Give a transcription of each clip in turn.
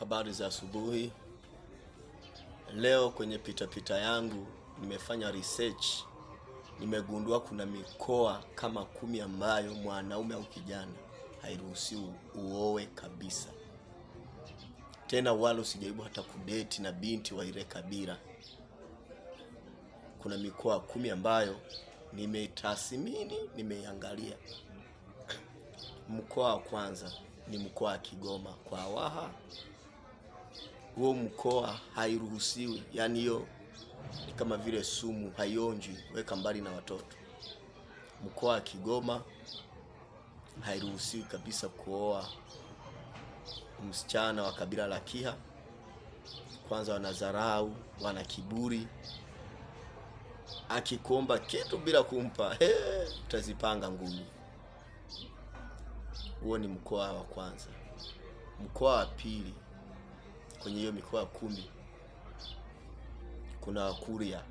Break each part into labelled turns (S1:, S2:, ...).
S1: Habari za asubuhi. Leo kwenye pitapita pita yangu nimefanya research, nimegundua kuna mikoa kama kumi ambayo mwanaume au kijana hairuhusiwi uoe kabisa, tena wala usijaribu hata kudeti na binti wa ile kabila. Kuna mikoa kumi ambayo nimeitathmini, nimeiangalia. Mkoa wa kwanza ni mkoa wa Kigoma kwa Waha huo mkoa hairuhusiwi, yaani hiyo ni kama vile sumu, haionjwi, weka mbali na watoto. Mkoa wa Kigoma hairuhusiwi kabisa kuoa msichana wa kabila la Kiha. Kwanza wanadharau, wana kiburi. Akikuomba kitu bila kumpa, utazipanga ngumi. Huo ni mkoa wa kwanza. Mkoa wa pili kwenye hiyo mikoa kumi kuna Wakurya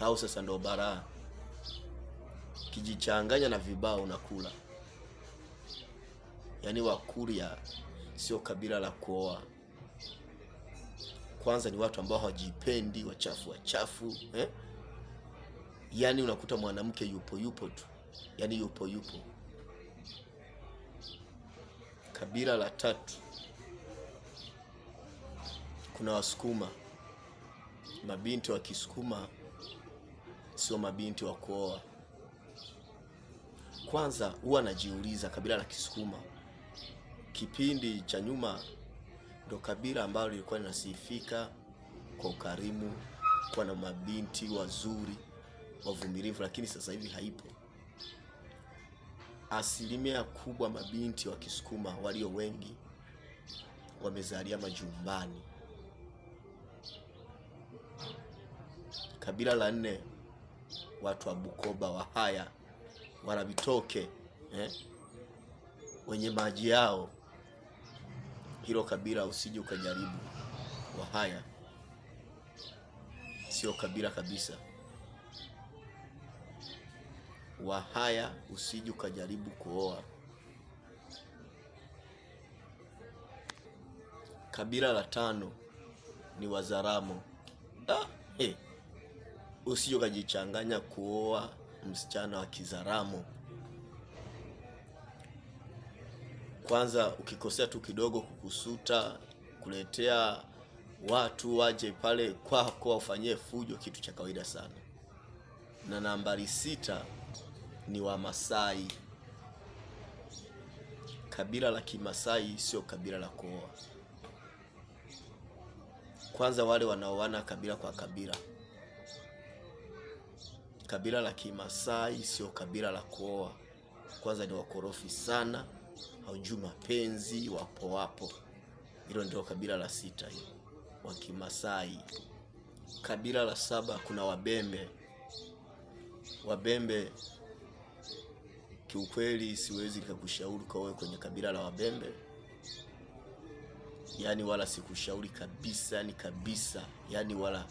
S1: au sasa ndo Baraa kijichanganya na vibao unakula. Yaani Wakurya sio kabila la kuoa. Kwanza ni watu ambao hawajipendi, wachafu wachafu eh? Yaani unakuta mwanamke yupo yupo tu, yaani yupo yupo. Kabila la tatu kuna Wasukuma, mabinti wa Kisukuma sio mabinti wa kuoa. Kwanza huwa najiuliza kabila la Kisukuma kipindi cha nyuma ndo kabila ambalo lilikuwa linasifika kwa ukarimu, kuwa na mabinti wazuri wavumilivu, lakini sasa hivi haipo. Asilimia kubwa mabinti wa Kisukuma walio wengi wamezalia majumbani. Kabila la nne, watu wa Bukoba, Wahaya, Wanavitoke eh? wenye maji yao. Hilo kabila usije ukajaribu. Wahaya sio kabila kabisa. Wahaya usije ukajaribu kuoa. Kabila la tano ni Wazaramo. Ah, hey. Eh, usije ukajichanganya kuoa msichana wa Kizaramo. Kwanza ukikosea tu kidogo, kukusuta, kuletea watu waje pale kwako wafanyie fujo, kitu cha kawaida sana. Na nambari sita ni Wamasai. Kabila la Kimasai sio kabila la kuoa. Kwanza wale wanaoana kabila kwa kabila kabila la Kimasai sio kabila la kuoa. Kwanza ni wakorofi sana, haujui mapenzi, wapo wapo. Hilo ndio kabila la sita hiyo wa Kimasai. Kabila la saba kuna Wabembe. Wabembe kiukweli, siwezi nikakushauri wewe kwenye kabila la Wabembe, yaani wala sikushauri kabisa, yani kabisa, yani wala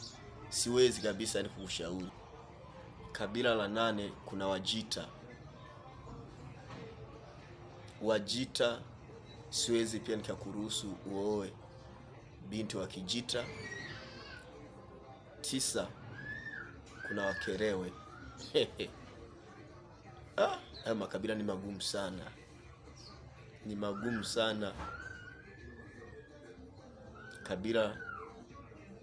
S1: siwezi kabisa, yani kukushauri kabila la nane kuna Wajita. Wajita siwezi pia nikakuruhusu uoe binti wa Kijita. Tisa kuna Wakerewe. Ah, hayo makabila ni magumu sana, ni magumu sana kabila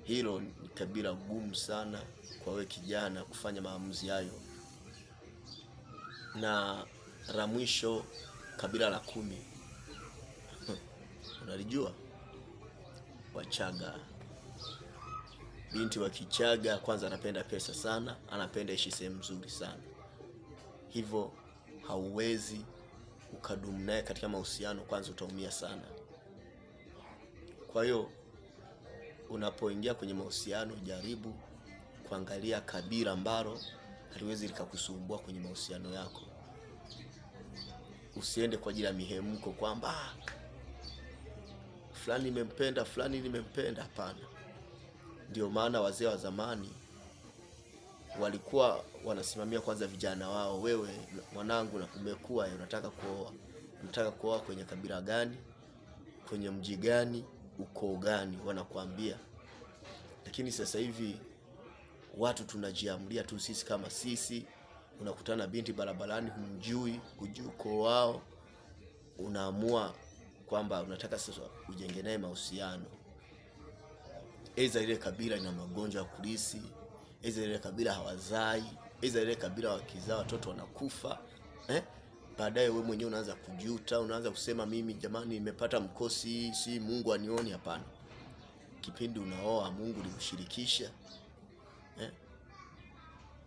S1: hilo ni kabila gumu sana kwa we kijana kufanya maamuzi hayo. Na la mwisho, kabila la kumi unalijua? Wachaga. Binti wa Kichaga kwanza anapenda pesa sana, anapenda ishi sehemu nzuri sana, hivyo hauwezi ukadumu naye katika mahusiano, kwanza utaumia sana. Kwa hiyo unapoingia kwenye mahusiano jaribu kuangalia kabila ambalo haliwezi likakusumbua kwenye mahusiano yako. Usiende kwa ajili ya mihemko kwamba ah, fulani nimempenda, fulani nimempenda. Hapana. Ndio maana wazee wa zamani walikuwa wanasimamia kwanza vijana wao. Wewe mwanangu, na umekuwa unataka kuoa, unataka kuoa kwenye kabila gani? Kwenye mji gani? ukoo gani, wanakuambia. Lakini sasa hivi watu tunajiamulia tu sisi kama sisi. Unakutana binti barabarani, humjui, hujui ukoo wao, unaamua kwamba unataka sasa ujenge naye mahusiano. Eza ile kabila ina magonjwa ya kulisi, eza ile kabila hawazai, eza ile kabila wakizaa watoto wanakufa eh? baadaye wewe mwenyewe unaanza kujuta, unaanza kusema mimi jamani, nimepata mkosi, si Mungu anioni. Hapana, kipindi unaoa Mungu limshirikisha eh?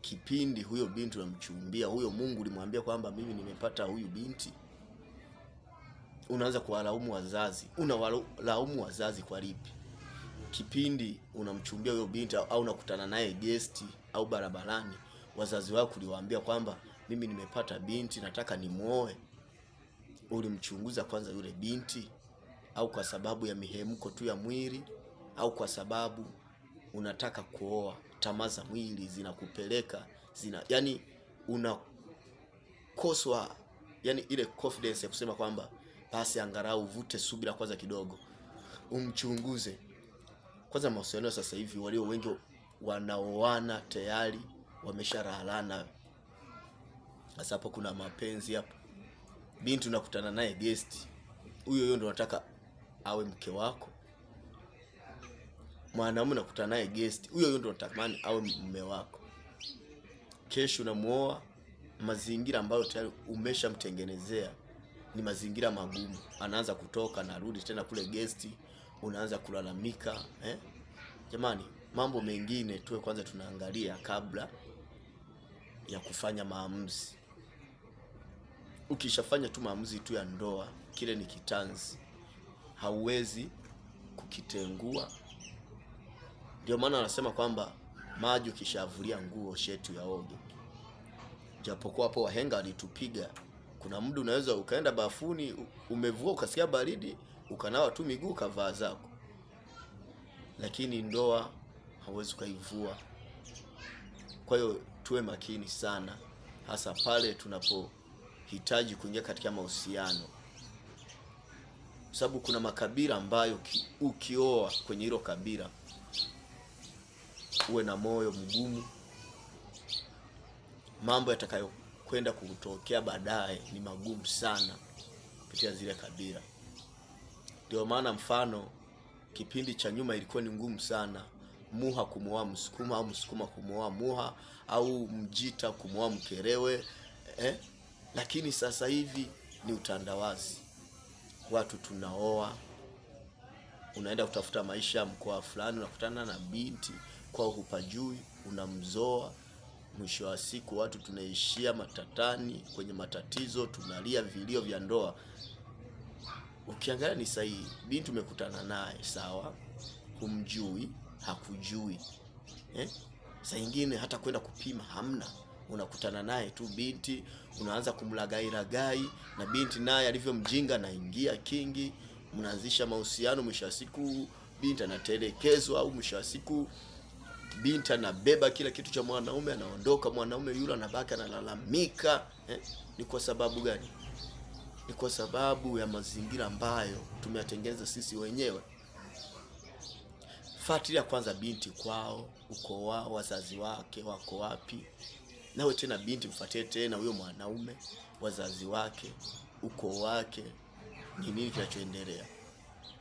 S1: Kipindi huyo binti unamchumbia huyo Mungu limwambia kwamba mimi nimepata huyu binti. Unaanza kuwalaumu wazazi, unawalaumu wazazi kwa lipi? Kipindi unamchumbia huyo binti au unakutana naye gesti au barabarani, wazazi wako uliwaambia kwamba mimi nimepata binti nataka nimwoe, ulimchunguza kwanza yule binti? Au kwa sababu ya mihemko tu ya mwili, au kwa sababu unataka kuoa? Tamaa za mwili zinakupeleka zina, yani unakoswa yani ile confidence ya kusema kwamba basi angalau uvute subira kwanza kidogo, umchunguze kwanza. Mahusiano sasa hivi walio wengi wanaoana tayari wamesharahalana sasa hapo kuna mapenzi hapo. Binti unakutana naye guest. Huyo huyo ndo nataka awe mke wako. Mwanaume unakutana naye guest. Huyo huyo ndo natamani awe mume wako. Kesho unamuoa, mazingira ambayo tayari umeshamtengenezea ni mazingira magumu. Anaanza kutoka na rudi tena kule guest, unaanza kulalamika, eh? Jamani, mambo mengine tuwe kwanza tunaangalia kabla ya kufanya maamuzi ukishafanya tu maamuzi tu ya ndoa, kile ni kitanzi, hauwezi kukitengua. Ndio maana anasema kwamba maji ukishavulia nguo shetu yaoge. Japokuwa hapo wahenga walitupiga, kuna muda unaweza ukaenda bafuni, umevua ukasikia baridi, ukanawa tu miguu kavaa zako, lakini ndoa hauwezi ukaivua. Kwa hiyo tuwe makini sana, hasa pale tunapo hitaji kuingia katika mahusiano, sababu kuna makabila ambayo ukioa kwenye hilo kabila uwe na moyo mgumu, mambo yatakayokwenda kukutokea baadaye ni magumu sana kupitia zile kabila. Ndio maana mfano kipindi cha nyuma ilikuwa ni ngumu sana Muha kumwoa Msukuma au Msukuma kumwoa Muha au Mjita kumwoa Mkerewe eh? lakini sasa hivi ni utandawazi, watu tunaoa, unaenda kutafuta maisha mkoa fulani, unakutana na binti kwao hupajui, unamzoa mwisho wa siku watu tunaishia matatani, kwenye matatizo, tunalia vilio vya ndoa. Ukiangalia ni sahihi, binti umekutana naye sawa, humjui, hakujui eh? Saa nyingine hata kwenda kupima hamna unakutana naye tu binti, unaanza ragai, na binti, naye alivyo mjinga naingia kingi, mnaanzisha mahusiano. Mwisho wa siku binti anatelekezwa, au mwisho wa siku binti anabeba kila kitu cha mwanaume, anaondoka. Mwanaume yule anabaki analalamika. Eh, ni kwa sababu gani? Ni kwa sababu ya mazingira ambayo tumeyatengeneza sisi wenyewe. Fuatilia kwanza binti kwao, ukoo wao, wazazi wake wako wapi? nawe tena binti mfuatie tena huyo mwanaume, wazazi wake, ukoo wake. Ni nini kinachoendelea?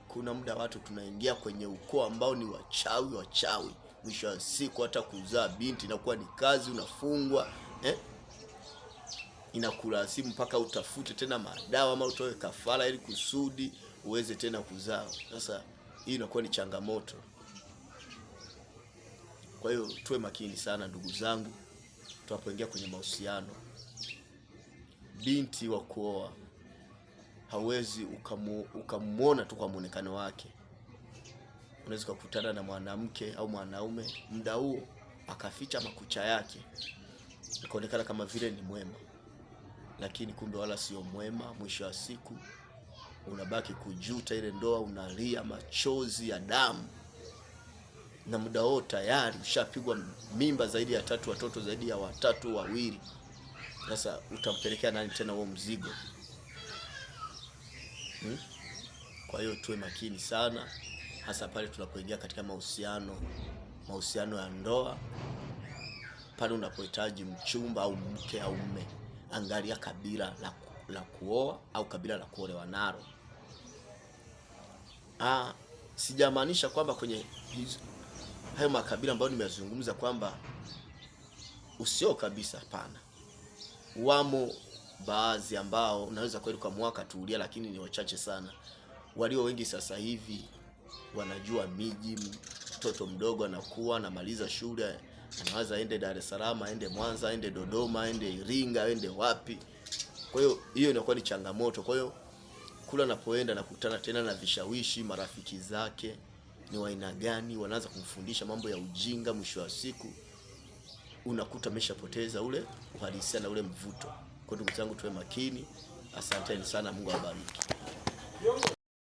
S1: Kuna muda watu tunaingia kwenye ukoo ambao ni wachawi, wachawi. Mwisho wa siku hata kuzaa binti inakuwa ni kazi, unafungwa eh? Inakulazimu mpaka utafute tena madawa ama utoe kafara ili kusudi uweze tena kuzaa. Sasa hii inakuwa ni changamoto. Kwa hiyo tuwe makini sana ndugu zangu tunapoingia kwenye mahusiano. Binti wa kuoa hauwezi ukamwona tu kwa muonekano wake. Unaweza ukakutana na mwanamke au mwanaume muda huo akaficha makucha yake, ikaonekana kama vile ni mwema, lakini kumbe wala sio mwema. Mwisho wa siku unabaki kujuta ile ndoa, unalia machozi ya damu na muda wote tayari ushapigwa mimba zaidi ya tatu, watoto zaidi ya watatu wawili. Sasa utampelekea nani tena huo mzigo hmm? Kwa hiyo tuwe makini sana, hasa pale tunapoingia katika mahusiano, mahusiano ya ndoa, pale unapohitaji mchumba au mke au mme, angalia kabila la, la kuoa au kabila la kuolewa nalo. Ah, sijamaanisha kwamba kwenye hayo makabila ambayo nimeyazungumza kwamba usio kabisa, hapana. Wamo baadhi ambao unaweza kweli kwa mwaka tuulia, lakini ni wachache sana. Walio wengi sasa hivi wanajua miji. Mtoto mdogo anakuwa anamaliza shule, anaweza aende Dar es Salaam, aende Mwanza, aende Dodoma, aende Iringa, aende wapi. Kwa hiyo hiyo inakuwa ni changamoto. Kwa hiyo kula anapoenda nakutana tena na vishawishi, marafiki zake ni wa aina gani, wanaanza kumfundisha mambo ya ujinga. Mwisho wa siku unakuta ameshapoteza ule uhalisia na ule mvuto. Kwa ndugu zangu, tuwe makini. Asanteni sana, Mungu awabariki.